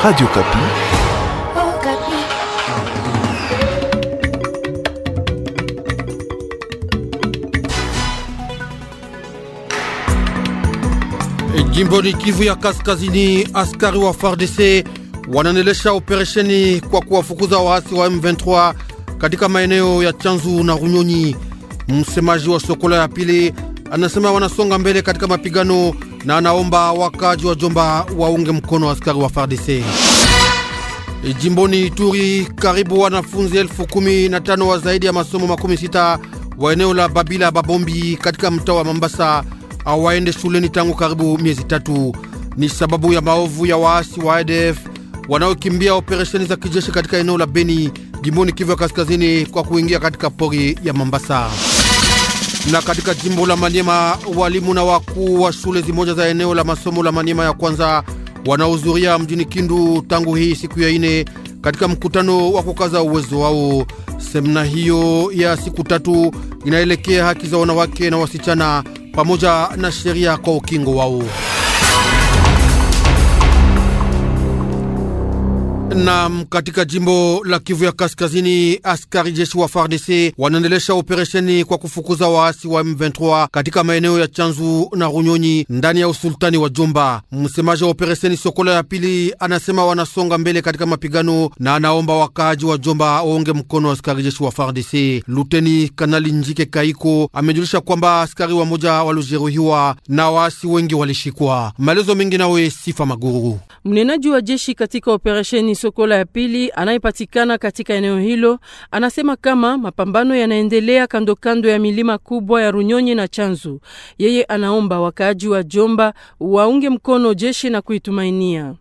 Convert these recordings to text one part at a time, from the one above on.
Radio Kapi. Oh, Kapi. Eh, Jimboni Kivu ya Kaskazini, askari wa FARDC wanaendelesha operesheni kwa kuwafukuza waasi wa M23 katika maeneo ya Chanzu na Runyonyi. Msemaji wa Sokola ya pili anasema wanasonga mbele katika mapigano na anaomba wakaji wa Jomba waunge mkono askari wa FARDC. E, jimboni Ituri, karibu wanafunzi elfu kumi na tano wa zaidi ya masomo makumi sita wa eneo la Babila Babombi katika mtaa wa Mambasa hawaende shuleni tangu karibu miezi tatu. Ni sababu ya maovu ya waasi wa ADF wanaokimbia operesheni za kijeshi katika eneo la Beni, jimboni Kivu ya Kaskazini, kwa kuingia katika pori ya Mambasa. Na katika jimbo la manyema walimu na wakuu wa shule zimoja za eneo la masomo la manyema ya kwanza wanahudhuria mjini Kindu tangu hii siku ya ine katika mkutano wa kukaza uwezo wao. Semina hiyo ya siku tatu inaelekea haki za wanawake na wasichana pamoja na sheria kwa ukingo wao. Nam katika jimbo la Kivu ya Kaskazini, askari jeshi wa FARDC wanaendelesha operesheni kwa kufukuza waasi wa M23 katika maeneo ya Chanzu na Runyonyi ndani ya usultani wa Jomba. Msemaji wa operesheni Sokola ya pili anasema wanasonga mbele katika mapigano na anaomba wakaaji wa Jomba waunge mkono askari jeshi wa FARDC. Luteni Kanali Njike Kaiko amejulisha kwamba askari wa moja walijeruhiwa na waasi wengi walishikwa. Maelezo mengi nawe Sifa Maguru, mnenaji wa jeshi katika operesheni so Sokola ya pili anayepatikana katika eneo hilo anasema kama mapambano yanaendelea kando kando ya milima kubwa ya Runyonyi na Chanzu. Yeye anaomba wakaaji wa Jomba waunge mkono jeshi na kuitumainia.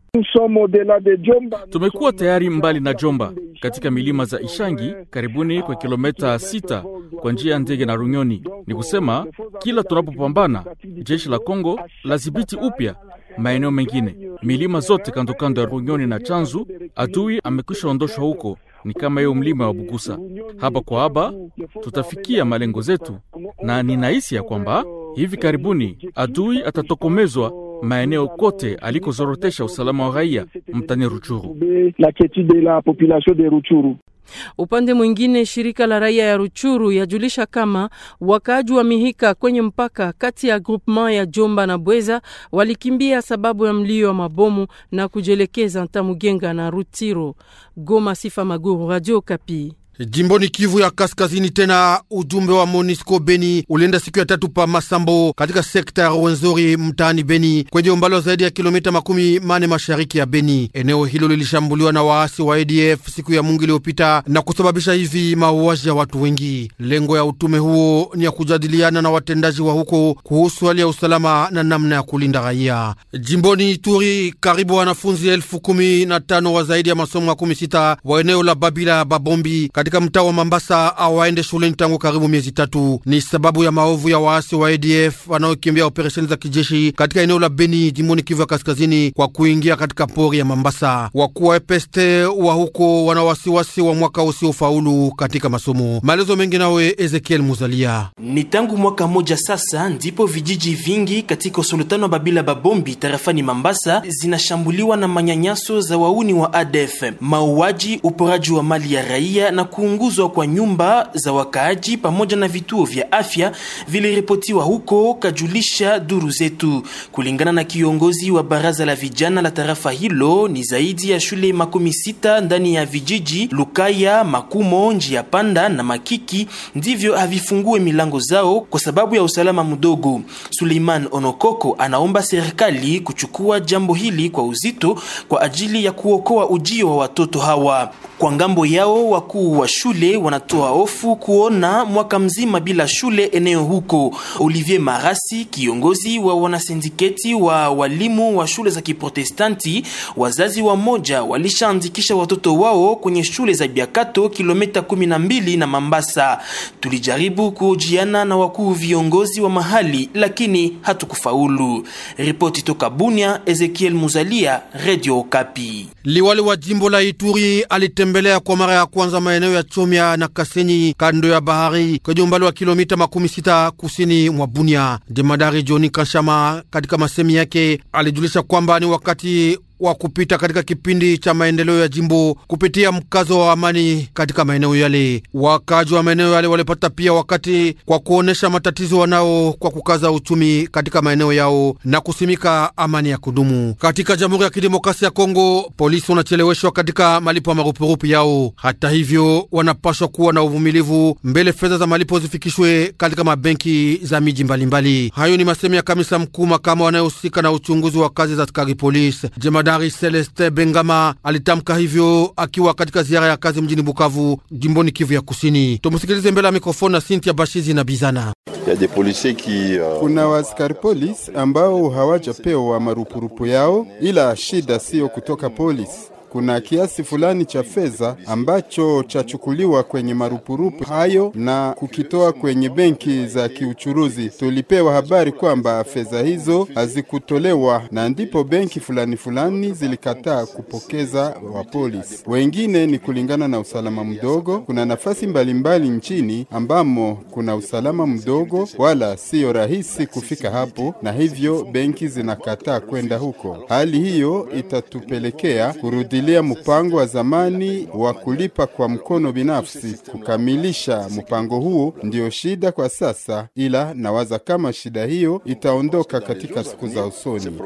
Tumekuwa tayari mbali na Jomba katika milima za Ishangi karibuni kwa kilomita sita kwa njia ya ndege na Runyoni. Ni kusema kila tunapopambana jeshi la Kongo lazibiti upya maeneo mengine, milima zote kando kando ya Runyoni na Chanzu. Adui amekwisha ondoshwa huko, ni kama hiyo mlima wa Bugusa. Haba kwa haba tutafikia malengo zetu, na ninahisi ya kwamba hivi karibuni adui atatokomezwa maeneo kote alikozorotesha usalama wa raia mtani Ruchuru. Upande mwingine, shirika la raia ya Ruchuru yajulisha kama wakaaji wa Mihika kwenye mpaka kati ya groupement ya Jomba na Bweza walikimbia sababu ya mlio wa mabomu na kujielekeza Ntamugenga na Rutiro. Goma, Sifa Maguru, Radio Kapi. Jimboni Kivu ya Kaskazini, tena ujumbe wa Monisco Beni ulienda siku ya tatu pa Masambo katika sekta ya Rwenzori mtaani Beni, kwenye umbali wa zaidi ya kilomita makumi mane mashariki ya Beni. Eneo hilo lilishambuliwa na waasi wa ADF siku ya Mungu iliyopita na kusababisha hivi mauaji ya watu wengi. Lengo ya utume huo ni ya kujadiliana na watendaji wa huko kuhusu hali ya usalama na namna ya kulinda raia. Jimboni Ituri, karibu wanafunzi elfu kumi na tano wa zaidi ya masomo makumi sita wa eneo la Babila Babombi katika mtaa wa Mambasa awaende shuleni tangu karibu miezi tatu, ni sababu ya maovu ya waasi wa ADF wanaokimbia operesheni za kijeshi katika eneo la Beni jimboni Kivu ya kaskazini kwa kuingia katika pori ya Mambasa. Wakuu wa EPST wa huko wana wasiwasi wa mwaka usiofaulu katika masomo. Maelezo mengi nawe Ezekiel Muzalia. Ni tangu mwaka moja sasa ndipo vijiji vingi katika usultano wa Babila Babombi tarafani Mambasa zinashambuliwa na manyanyaso za wauni wa ADF, mauaji, uporaji wa mali ya raia na ku kuunguzwa kwa nyumba za wakaaji pamoja na vituo vya afya viliripotiwa huko, kajulisha duru zetu. Kulingana na kiongozi wa baraza la vijana la tarafa hilo, ni zaidi ya shule makumi sita ndani ya vijiji Lukaya, Makumo, Njia Panda na Makiki ndivyo havifungue milango zao kwa sababu ya usalama mdogo. Suleiman Onokoko anaomba serikali kuchukua jambo hili kwa uzito kwa ajili ya kuokoa ujio wa watoto hawa. Kwa ngambo yao wakuu wa shule wanatoa hofu kuona mwaka mzima bila shule eneo huko. Olivier Marasi, kiongozi wa wanasindiketi wa walimu wa shule za Kiprotestanti, wazazi wa moja walishaandikisha watoto wao kwenye shule za Biakato, kilomita 12 na Mambasa. Tulijaribu kuhojiana na wakuu viongozi wa mahali, lakini hatukufaulu. Ripoti toka Bunia, Ezekiel Muzalia, Radio Okapi. Liwali wa jimbo la Ituri alitembelea kwa mara ya kwanza maeneo maeneo ya Chomya na Kasenyi kando ya bahari kwenye umbali wa kilomita makumi sita kusini mwa Bunia. Jemadari Joni Kashama katika masemi yake alijulisha kwamba ni wakati wa kupita katika kipindi cha maendeleo ya jimbo kupitia mkazo wa amani katika maeneo yale. Wakaji wa maeneo yale walipata pia wakati kwa kuonesha matatizo wanao kwa kukaza uchumi katika maeneo yao na kusimika amani ya kudumu katika Jamhuri ya Kidemokrasia ya Kongo. Polisi wanacheleweshwa katika malipo ya marupurupu yao. Hata hivyo, wanapaswa kuwa na uvumilivu mbele fedha za malipo zifikishwe katika mabenki za miji mbalimbali. Hayo ni masemi ya kamisa mkuu makama wanayohusika na uchunguzi wa kazi za askari polisi Jemadari Celeste Bengama alitamka hivyo akiwa katika ziara ya kazi mjini Bukavu, jimboni Kivu ya Kusini. Tumusikilize mbele ya mikrofoni na Sintia Bashizi na Bizana. Euh, Kuna waskari polisi ambao hawajapewa marupurupu yao, ila shida siyo kutoka polisi kuna kiasi fulani cha fedha ambacho chachukuliwa kwenye marupurupu hayo na kukitoa kwenye benki za kiuchuruzi. Tulipewa habari kwamba fedha hizo hazikutolewa, na ndipo benki fulani fulani zilikataa kupokeza wa polisi. Wengine ni kulingana na usalama mdogo. Kuna nafasi mbalimbali mbali nchini ambamo kuna usalama mdogo, wala siyo rahisi kufika hapo, na hivyo benki zinakataa kwenda huko. Hali hiyo itatupelekea kurudi kufuatilia mpango wa zamani wa kulipa kwa mkono binafsi. Kukamilisha mpango huo ndiyo shida kwa sasa, ila nawaza kama shida hiyo itaondoka katika siku za usoni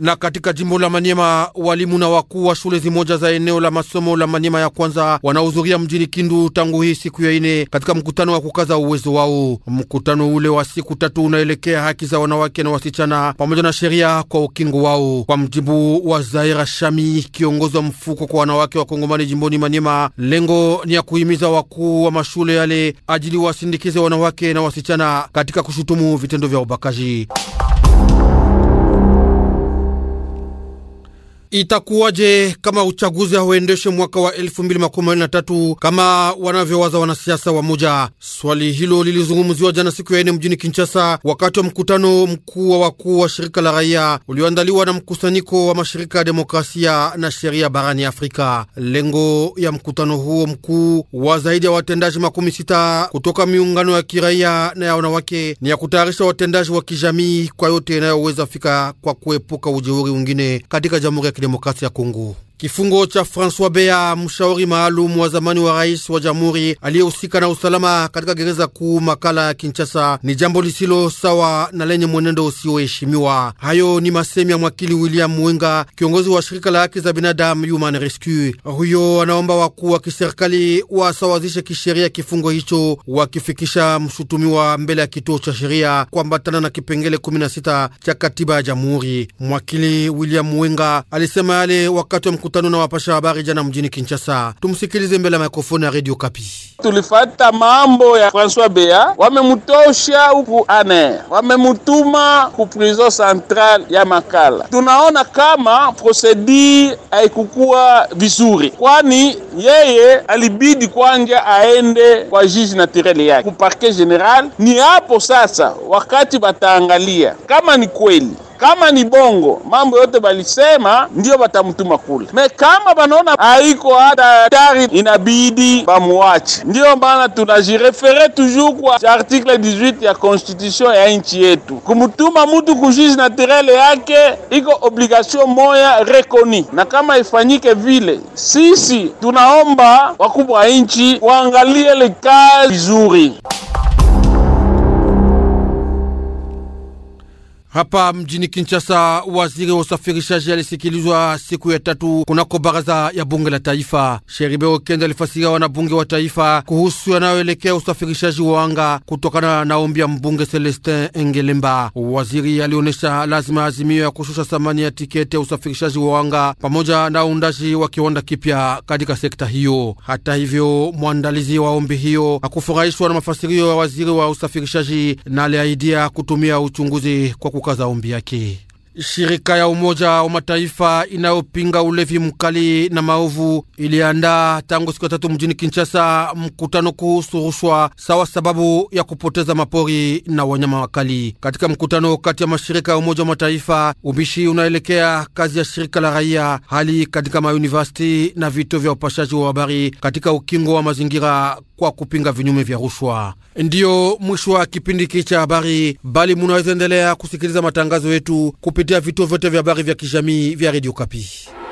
na katika jimbo la Manyema walimu na wakuu wa shule zimoja za eneo la masomo la Manyema ya kwanza wanahudhuria mjini Kindu tangu hii siku ya ine katika mkutano wa kukaza uwezo wao. Mkutano ule wa siku tatu unaelekea haki za wanawake na wasichana pamoja na sheria kwa ukingo wao. Kwa mjibu wa Zaira Shami, kiongozi wa mfuko kwa wanawake wa Kongomani jimboni Manyema, lengo ni ya kuhimiza wakuu wa mashule yale ajili wasindikize wanawake na wasichana katika kushutumu vitendo vya ubakaji. Itakuwaje kama uchaguzi hauendeshe mwaka wa 2023 kama wanavyowaza wanasiasa wa moja? Swali hilo lilizungumziwa jana siku ya ine mjini Kinshasa wakati wa mkutano mkuu wa wakuu wa shirika la raia ulioandaliwa na mkusanyiko wa mashirika ya demokrasia na sheria barani Afrika. Lengo ya mkutano huo mkuu wa zaidi ya watendaji makumi sita kutoka miungano ya kiraia na ya wanawake ni ya kutayarisha watendaji wa kijamii kwa yote inayoweza fika kwa kuepuka ujeuri wengine katika jamhuri ya Demokrasia ya Kongo. Kifungo cha François Bea, mshauri maalum wa zamani wa rais wa jamhuri aliyehusika na usalama katika gereza kuu makala ya Kinshasa, ni jambo lisilo sawa na lenye mwenendo usioheshimiwa. Hayo ni masemi ya mwakili William Mwenga, kiongozi wa shirika la haki za binadamu Human Rescue. Huyo anaomba wakuu wa kiserikali wasawazishe kisheria kifungo hicho, wakifikisha mshutumiwa mbele ya kituo cha sheria kuambatana na kipengele 16 cha katiba ya jamhuri. Mwakili William Mwenga alisema yale wakati wa mkutano na wapasha habari jana mjini Kinshasa. Tumsikilize mbele ya mikrofoni ya Radio Kapi. Tulifata mambo ya François Bea, wamemutosha huku ane, wamemutuma ku prison central ya Makala. Tunaona kama prosedure haikukuwa vizuri, kwani yeye alibidi kwanja aende kwa jiji natureli yake ku parquet general. Ni hapo sasa wakati bataangalia kama ni kweli kama ni bongo mambo yote balisema ndio batamtuma kule me, kama banaona haiko hata tari, inabidi bamuache. Ndio maana tunajirefere toujours kwa article 18 ya constitution ya nchi yetu, kumutuma mutu kujuge naturele yake iko obligation moya rekoni, na kama ifanyike vile, sisi tunaomba wakubwa wa nchi waangalie ile vizuri. Hapa mjini Kinshasa, waziri wa usafirishaji alisikilizwa siku ya tatu kunako baraza ya bunge la taifa. Sheribe Okende alifasiria wanabunge wa taifa kuhusu yanayoelekea usafirishaji wa anga kutokana na ombi ya mbunge Celestin Engelemba. Waziri alionyesha lazima azimio ya kushusha thamani ya tiketi ya usafirishaji wa anga pamoja na uundaji wa kiwanda kipya katika sekta hiyo. Hata hivyo, mwandalizi wa ombi hiyo hakufurahishwa na mafasirio ya waziri wa usafirishaji na aliahidia kutumia uchunguzi kwa kutoka zaombi yake. Shirika ya Umoja wa Mataifa inayopinga ulevi mkali na maovu iliandaa tangu siku ya tatu mjini Kinshasa mkutano kuhusu rushwa sawa sababu ya kupoteza mapori na wanyama wakali. Katika mkutano kati ya mashirika ya Umoja wa Mataifa, ubishi unaelekea kazi ya shirika la raia, hali katika mayunivasiti na vituo vya upashaji wa habari katika ukingo wa mazingira kwa kupinga vinyume vya rushwa. Ndiyo mwisho wa kipindi hiki cha habari, bali munaweza endelea kusikiliza matangazo yetu kuletea vituo vyote vya habari vya kijamii vya Radio Kapi.